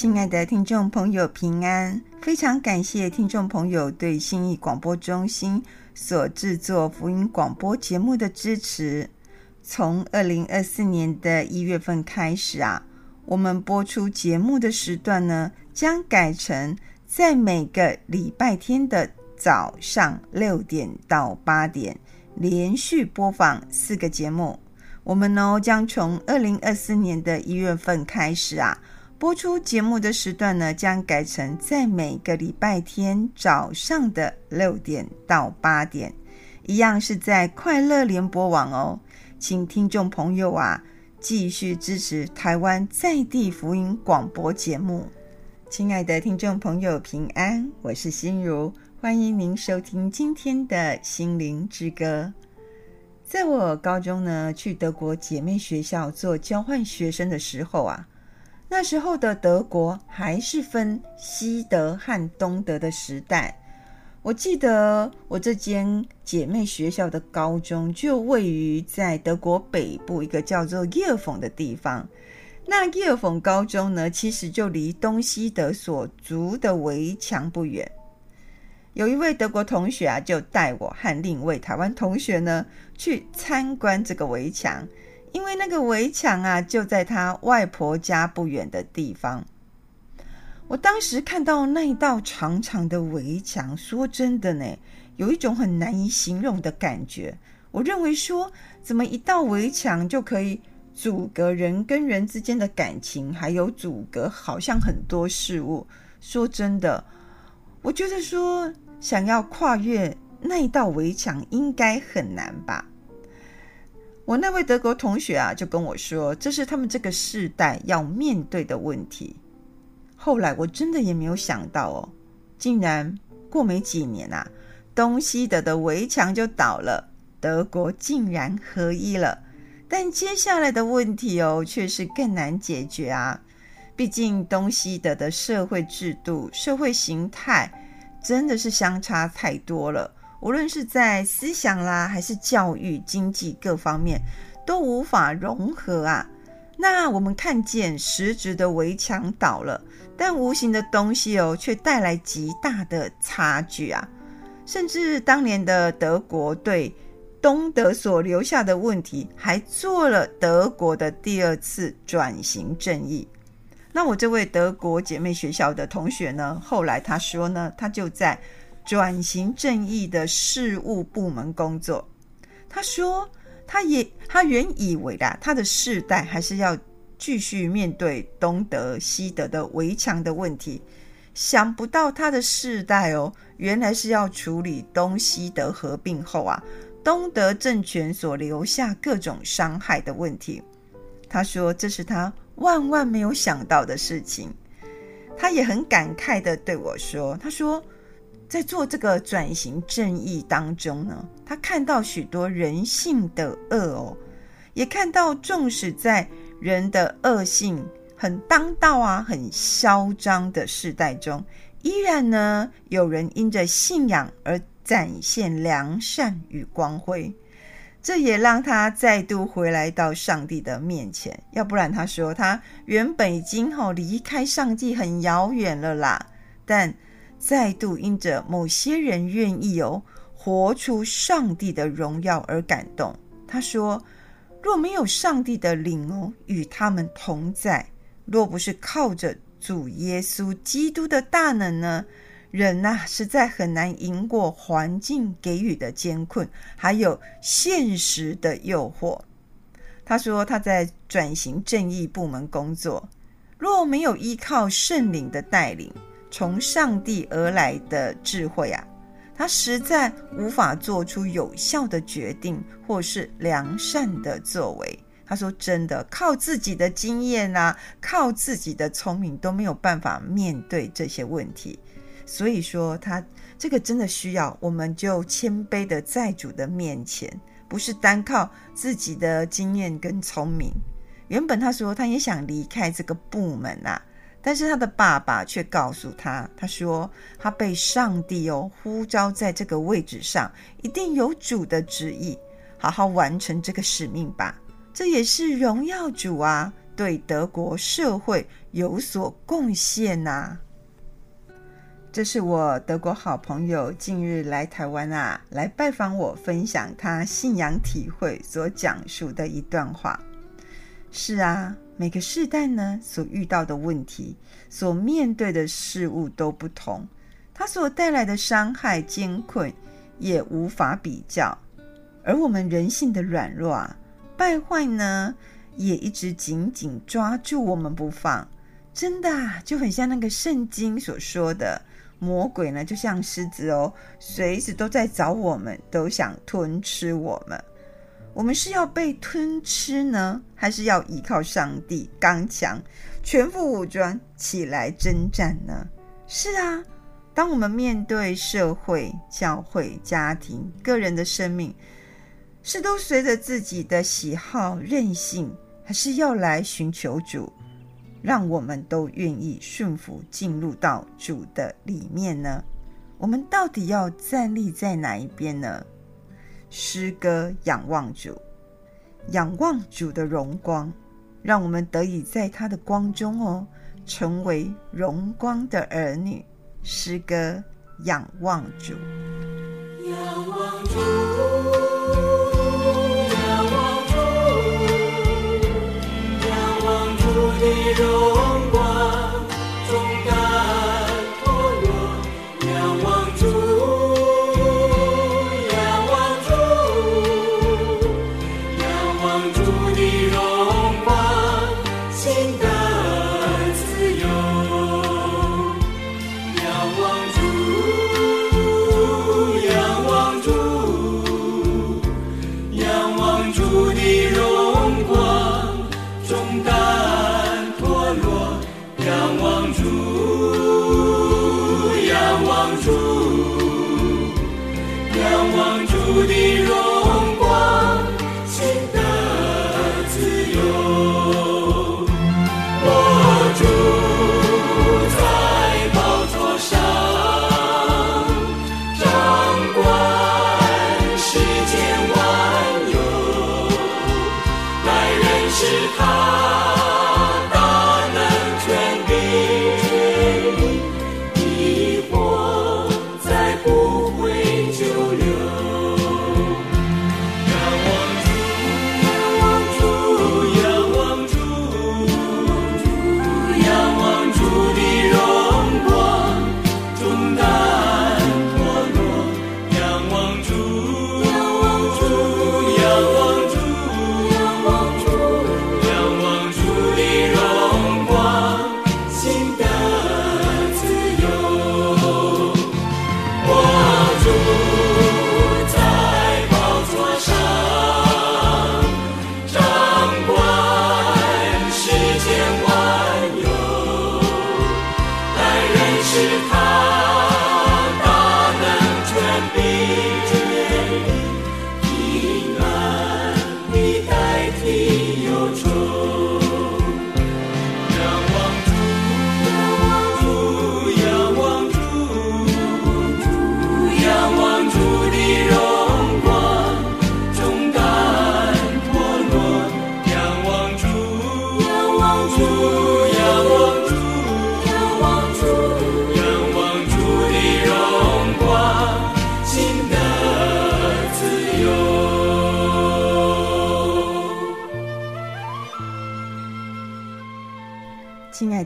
親愛的聽眾朋友，平安！非常感謝聽眾朋友對信義廣播中心所制作福音廣播節目的支持。從二零二四年的一月份開始啊，我們播出節目的時段呢，將改成在每個禮拜天的早上六點到八點，連續播放四個節目。我們呢、哦，將從二零二四年的一月份開始啊。播出節目的時段呢，將改成在每個禮拜天早上的六點到八點，一樣是在快樂聯播網哦。請聽眾朋友啊，繼續支持台灣在地福音廣播節目。親愛的聽眾朋友，平安，我是心如，歡迎您收聽今天的心靈之歌。在我高中呢，去德國姐妹學校做交換學生的時候啊。那時候的德國還是分西德和東德的時代。我記得我這間姐妹學校的高中就位於在德國北部一個叫做耶爾馮的地方。那耶爾馮高中呢，其實就離東西德所築的圍牆不遠。有一位德國同學啊，就帶我和另一位台灣同學呢，去參觀這個圍牆。因為那個圍牆啊，就在他外婆家不遠的地方。我當時看到那一道長長的圍牆，說真的呢，有一種很難以形容的感覺。我認為說，怎麼一道圍牆就可以阻隔人跟人之間的感情，還有阻隔好像很多事物。說真的，我覺得說，想要跨越那一道圍牆應該很難吧。我那位德國同學啊，就跟我說，這是他們這個世代要面對的問題。後來我真的也沒有想到哦，竟然過沒幾年吶、啊，東西德的圍牆就倒了，德國竟然合一了。但接下來的問題哦，卻是更難解決啊。畢竟東西德的社會制度、社會形態，真的是相差太多了。無論是在思想啦，還是教育、經濟各方面，都無法融合啊。那我們看見實質的圍牆倒了，但無形的東西哦，卻帶來極大的差距啊。甚至當年的德國對東德所留下的問題，還做了德國的第二次轉型正義。那我這位德國姐妹學校的同學呢，後來她說呢，她就在。轉型正義的事務部門工作，他說，他也他原以為他的世代還是要繼續面對東德西德的圍牆的問題，想不到他的世代哦，原來是要處理東西德合併後啊，東德政權所留下各種傷害的問題。他說，這是他萬萬沒有想到的事情。他也很感慨的對我說，他說。在做這個轉型正義當中呢，他看到許多人性的惡哦，也看到縱使在人的惡性很當道啊、很囂張的世代中，依然呢有人因着信仰而展現良善與光輝。這也讓他再度回來到上帝的面前，要不然他說他原本已經、哦、離開上帝很遙遠了啦，但。再度因着某些人願意哦活出上帝的榮耀而感動。他說：“若沒有上帝的靈哦與他們同在，若不是靠着主耶穌基督的大能呢，人吶，啊，實在很難贏過環境給予的艱困，還有現實的誘惑。”他說：“他在轉型正義部門工作，若沒有依靠聖靈的帶領。”從上帝而來的智慧啊，他實在無法做出有效的決定或是良善的作為。他說：“真的，靠自己的經驗吶、啊，靠自己的聰明都沒有辦法面對這些問題。”所以說他，他這個真的需要，我們就謙卑的在主的面前，不是單靠自己的經驗跟聰明。原本他說他也想離開這個部門啊。但是他的爸爸卻告訴他：“他說他被上帝哦呼召在這個位置上，一定有主的旨意，好好完成這個使命吧。這也是榮耀主啊，對德國社會有所貢獻吶啊。”這是我德國好朋友近日來台灣啊，來拜訪我，分享他信仰體會所講述的一段話。是啊。每個世代呢，所遇到的問題，所面對的事物都不同，它所帶來的傷害、艱困也無法比較。而我們人性的軟弱啊、敗壞呢，也一直緊緊抓住我們不放。真的啊，就很像那個聖經所說的，魔鬼呢，就像獅子哦，隨時都在找我們，都想吞吃我們。我們是要被吞吃呢，還是要依靠上帝剛強、全副武裝起來征戰呢？是啊，當我們面對社會、教會、家庭、個人的生命，是都隨着自己的喜好、任性，還是要來尋求主，讓我們都願意順服，進入到主的裡面呢？我們到底要站立在哪一邊呢？詩歌，仰望主，仰望主的榮光，讓我們得以在他的光中哦，成為榮光的兒女。詩歌，仰望主，仰望主，仰望主，仰望主的榮。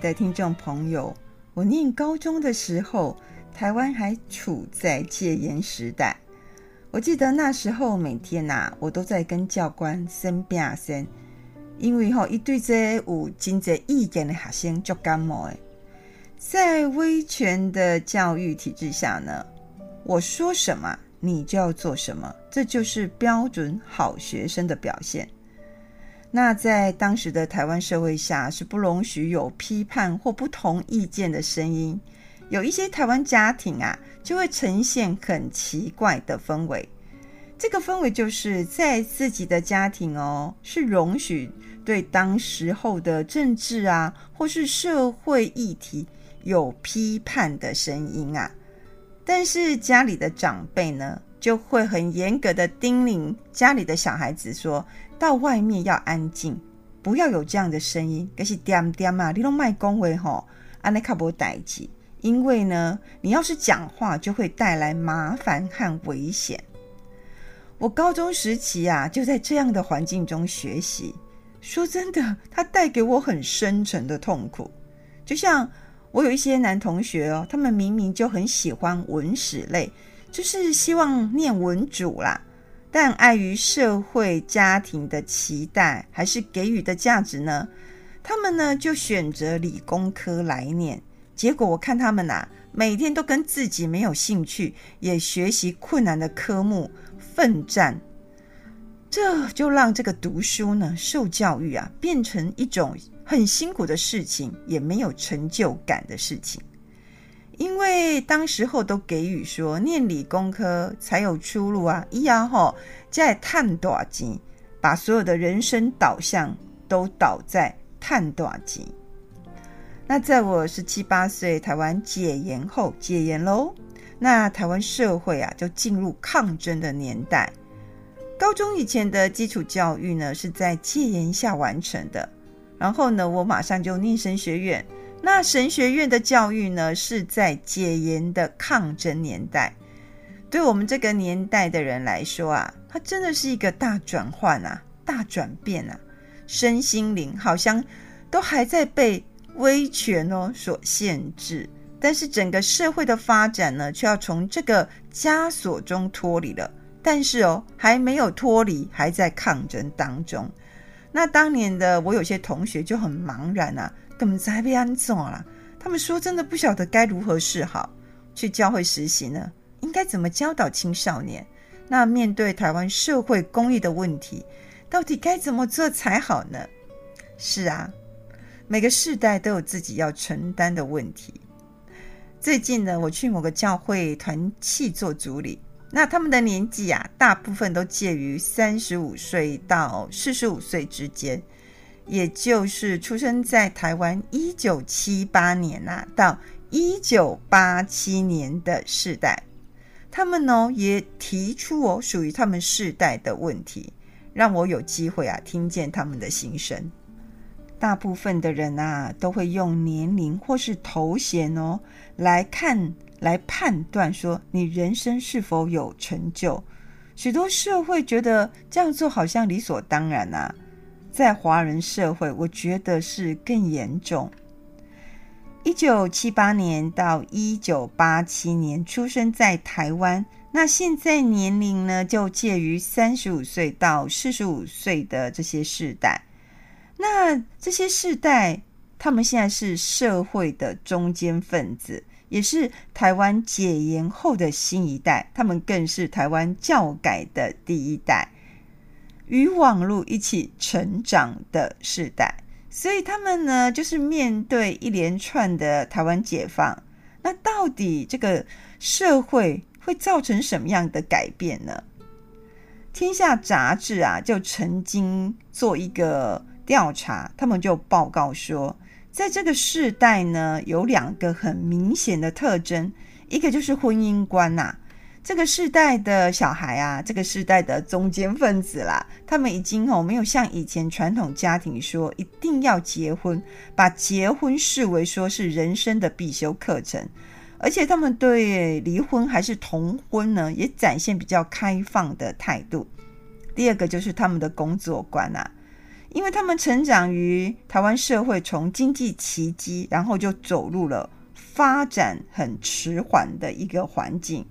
在聽眾朋友，我念高中的時候，台灣還處在戒嚴時代。我記得那時候每天吶、啊，我都在跟教官生病生，因為吼，一對這有真濟意見的學生就感冒耶。在威權的教育體制下呢，我說什麼，你就要做什麼，這就是標準好學生的表現。那在當時的台灣社會下，是不容許有批判或不同意見的聲音。有一些台灣家庭啊，就會呈現很奇怪的氛圍。這個氛圍就是在自己的家庭哦，是容許對當時候的政治啊，或是社會議題有批判的聲音啊。但是家裡的長輩呢，就會很嚴格的叮嚀家裡的小孩子說，說到外面要安靜，不要有這樣的聲音。可是爹點媽點、啊，你都賣恭維吼，阿內卡不待見，因為呢，你要是講話，就會帶來麻煩和危險。我高中時期啊，就在這樣的環境中學習。說真的，它帶給我很深沉的痛苦。就像我有一些男同學哦，他們明明就很喜歡文史類。就是希望念文主啦，但礙於社會家庭的期待還是給予的價值呢，他們呢就選擇理工科來念。結果我看他們吶、啊，每天都跟自己沒有興趣、也學習困難的科目奮戰，這就讓這個讀書呢、受教育啊，變成一種很辛苦的事情，也沒有成就感的事情。因為當時候都給予說念理工科才有出路啊！咿呀吼，在探大金，把所有的人生導向都倒在探大金。那在我十七八歲台灣解嚴後，解嚴嘍。那台灣社會啊，就進入抗爭的年代。高中以前的基礎教育呢，是在戒嚴下完成的。然後呢，我馬上就念神學院。那神學院的教育呢，是在解嚴的抗爭年代，對我們這個年代的人來說啊，它真的是一個大轉換啊，大轉變啊，身心靈好像都還在被威權哦所限制，但是整個社會的發展呢，卻要從這個枷鎖中脫離了，但是哦，還沒有脫離，還在抗爭當中。那當年的我有些同學就很茫然啊。怎麼才被安怎了、啊？他們說真的不曉得該如何是好。去教會實習呢，應該怎麼教導青少年？那面對台灣社會公益的問題，到底該怎麼做才好呢？是啊，每個世代都有自己要承擔的問題。最近呢，我去某個教會團契做助理，那他們的年紀啊，大部分都介於三十五歲到四十五歲之間。也就是出生在台灣一九七八年吶、啊，到一九八七年的世代，他們呢也提出我、哦、屬於他們世代的問題，讓我有機會啊聽見他們的心聲。大部分的人啊都會用年齡或是頭銜哦來看來判斷說，你人生是否有成就，許多社會覺得這樣做好像理所當然啊。在華人社會，我覺得是更嚴重。一九七八年到一九八七年出生在台灣，那現在年齡呢，就介於三十五歲到四十五歲的這些世代。那這些世代，他們現在是社會的中堅分子，也是台灣解嚴後的新一代，他們更是台灣教改的第一代。與網絡一起成長的世代，所以他們呢，就是面對一連串的台灣解放。那到底這個社會會造成什麼樣的改變呢？天下雜誌啊，就曾經做一個調查，他們就報告說，在這個世代呢，有兩個很明顯的特徵，一個就是婚姻觀吶、啊。這個世代的小孩啊，這個世代的中堅分子啦，他們已經哦沒有像以前傳統家庭說一定要結婚，把結婚視為說是人生的必修課程，而且他們對離婚還是同婚呢，也展現比較開放的態度。第二個就是他們的工作觀啊，因為他們成長於台灣社會從經濟奇蹟，然後就走入了發展很遲緩的一個環境。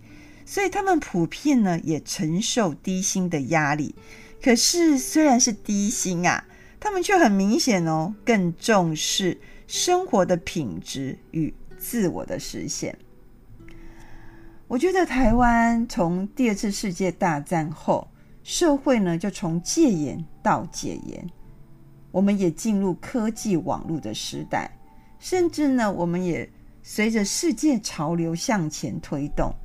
所以他們普遍呢，也承受低薪的壓力。可是，雖然是低薪啊，他們卻很明顯哦，更重視生活的品質與自我的實現。我覺得台灣從第二次世界大戰後，社會呢就從戒嚴到解嚴，我們也進入科技網絡的時代，甚至呢，我們也隨着世界潮流向前推動。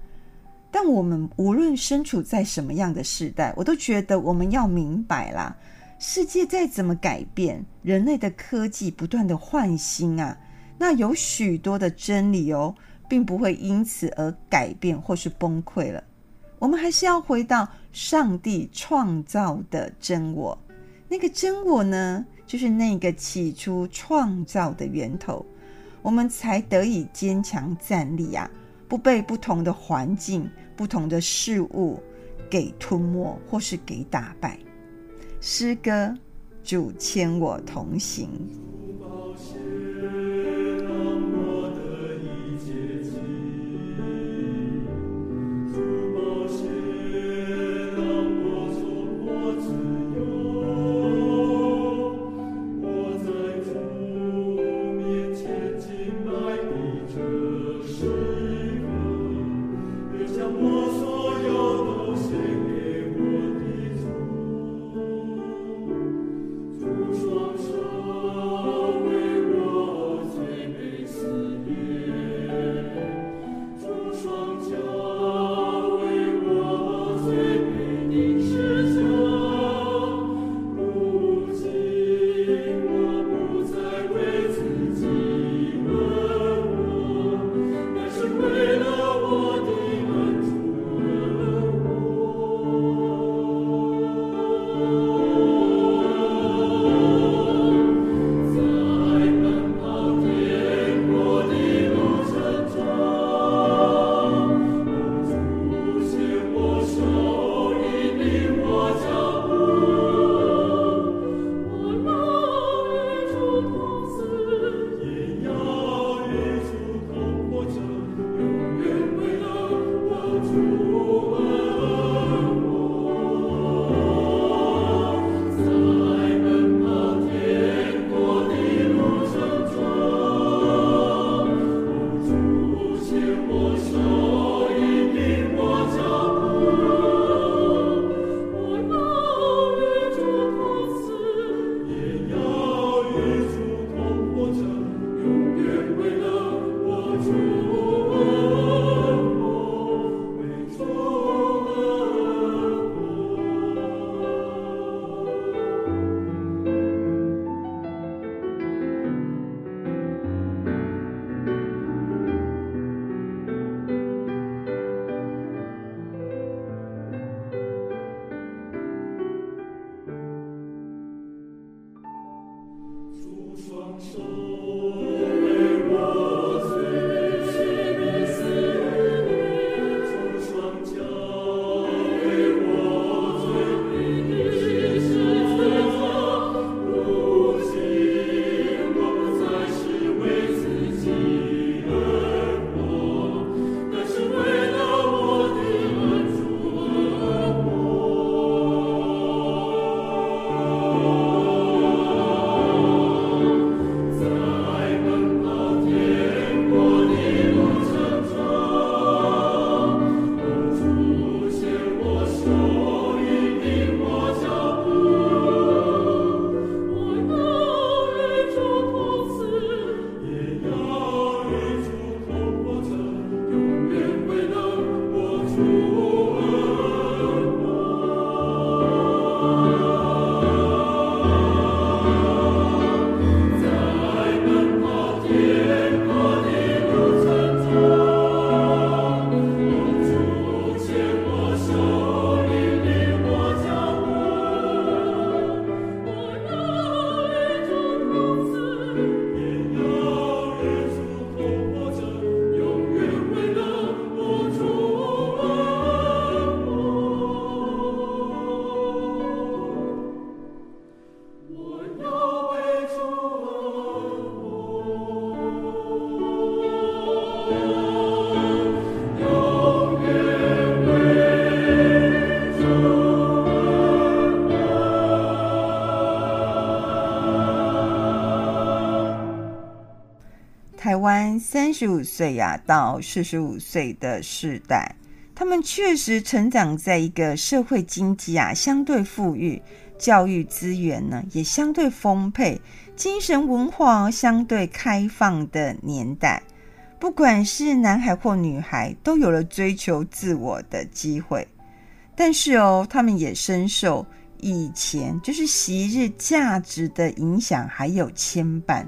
但我們無論身處在什麼樣的時代，我都覺得我們要明白啦。世界再怎麼改變，人類的科技不斷的換新啊，那有許多的真理哦，並不會因此而改變或是崩潰了。我們還是要回到上帝創造的真我。那個真我呢，就是那個起初創造的源頭，我們才得以堅強站立啊，不被不同的環境，不同的事物給吞沒，或是給打敗，詩歌就牽我同行。三十五歲呀、啊、到四十五歲的世代，他們確實成長在一個社會經濟啊相對富裕，教育資源呢也相對豐沛，精神文化相對開放的年代。不管是男孩或女孩，都有了追求自我的機會。但是哦，他們也深受以前就是昔日價值的影響還有牽絆。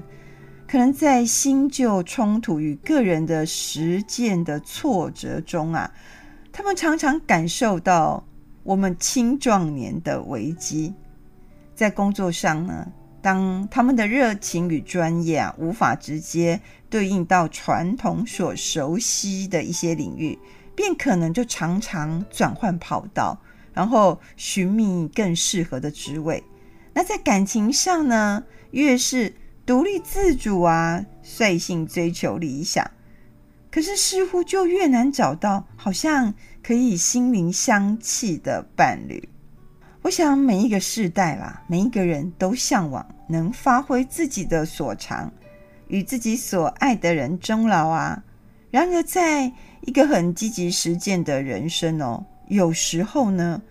可能在新舊衝突與個人的實踐的挫折中啊，他們常常感受到我們青壯年的危機。在工作上呢，當他們的熱情與專業啊無法直接對應到傳統所熟悉的一些領域，便可能就常常轉換跑道，然後尋覓更適合的職位。那在感情上呢，越是……獨立自主啊，率性追求理想，可是似乎就越難找到好像可以心靈相契的伴侶。我想每一個世代啦，每一個人都向往能發揮自己的所長，與自己所愛的人終老啊。然而，在一個很積極實踐的人生哦，有時候呢，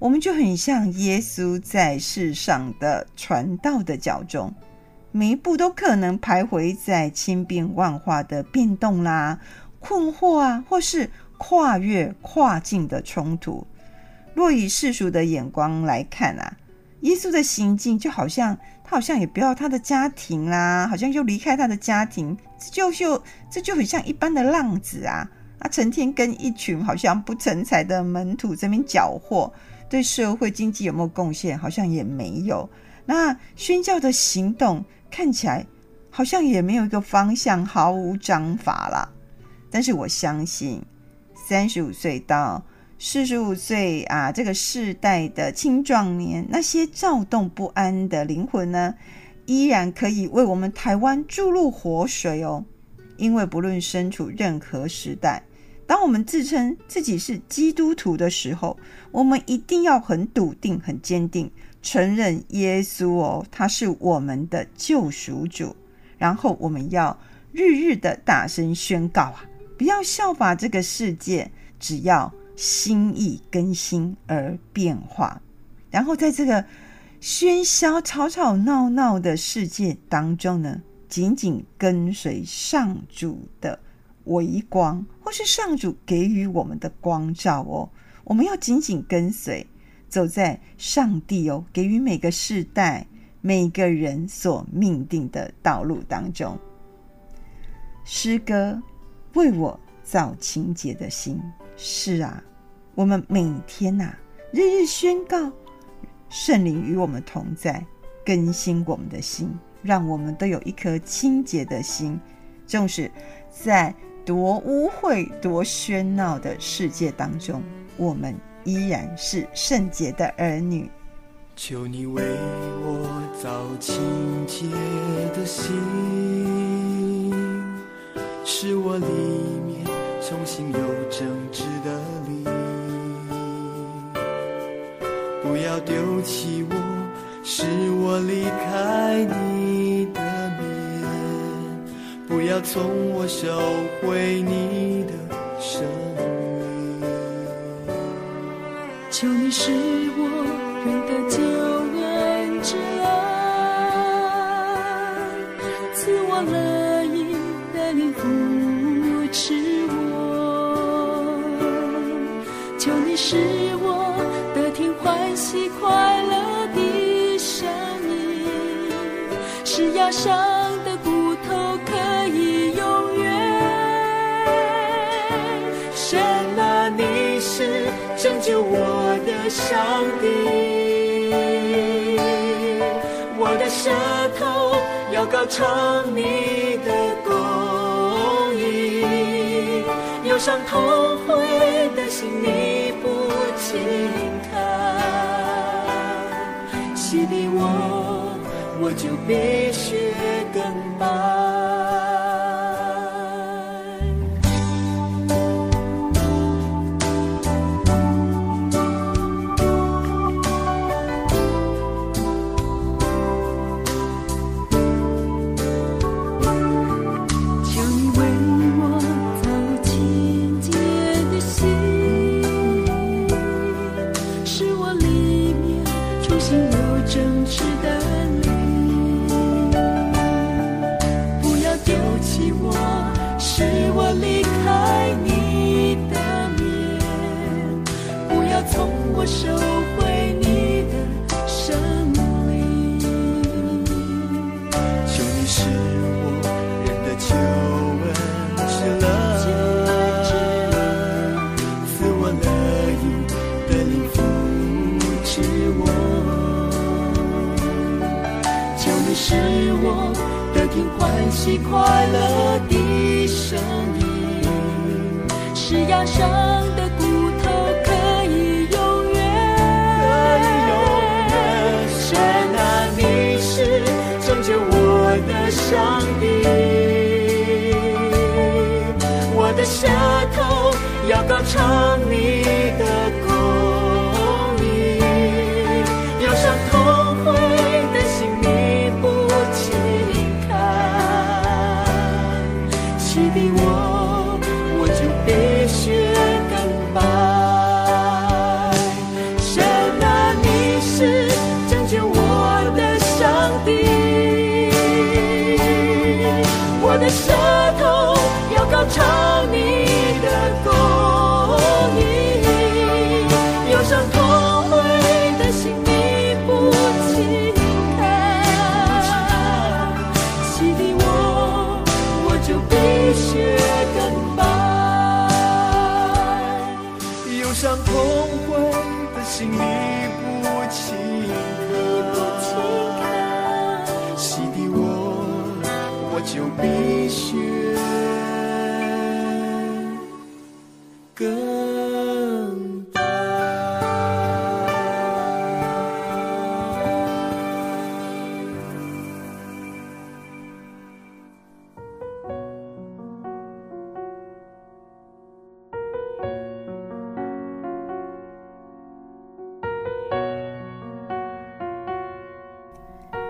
我們就很像耶穌在世上的傳道的腳蹤。每一步都可能徘徊在千變萬化的變動啦、困惑啊，或是跨越跨境的衝突。若以世俗的眼光來看啊，耶穌的行徑就好像他好像也不要他的家庭啦，好像就離開他的家庭，這就就這就很像一般的浪子啊啊，他成天跟一群好像不成才的門徒這邊攪和，對社會經濟有沒有貢獻？好像也沒有。那宣教的行動看起來好像也沒有一個方向，毫無章法啦。但是我相信，三十五歲到四十五歲啊，這個世代的青壯年，那些躁動不安的靈魂呢，依然可以為我們台灣注入活水哦。因為不論身處任何時代，當我們自稱自己是基督徒的時候，我們一定要很篤定、很堅定。承認耶穌哦，他是我們的救贖主。然後我們要日日的大聲宣告啊，不要效法這個世界，只要心意更新而變化。然後在這個喧囂吵吵鬧鬧鬧的世界當中呢，緊緊跟隨上主的微光，或是上主給予我們的光照哦，我們要緊緊跟隨。走在上帝哦給予每個世代、每個人所命定的道路當中。詩歌為我造清潔的心。是啊，我們每天吶、啊，日日宣告聖靈與我們同在，更新我們的心，讓我們都有一顆清潔的心。正是在多污穢、多喧鬧的世界當中，我們，依然是聖潔的兒女，求你為我造清潔的心，使我裡面重新有正直的靈。不要丟棄我，使我離開你的面；不要從我收回你的手。求你使我仍得救恩之樂，賜我樂意的靈扶持我。求你使我得聽歡喜快樂的聲音，是要上。上帝，我的舌頭要高唱你的公義，憂傷痛悔的心你不輕看，洗滌我，我就比雪更白。起快樂的聲音，是壓傷的骨頭可以永遠，可以永遠。神啊，你是拯救我的上帝，我的舌頭要高唱。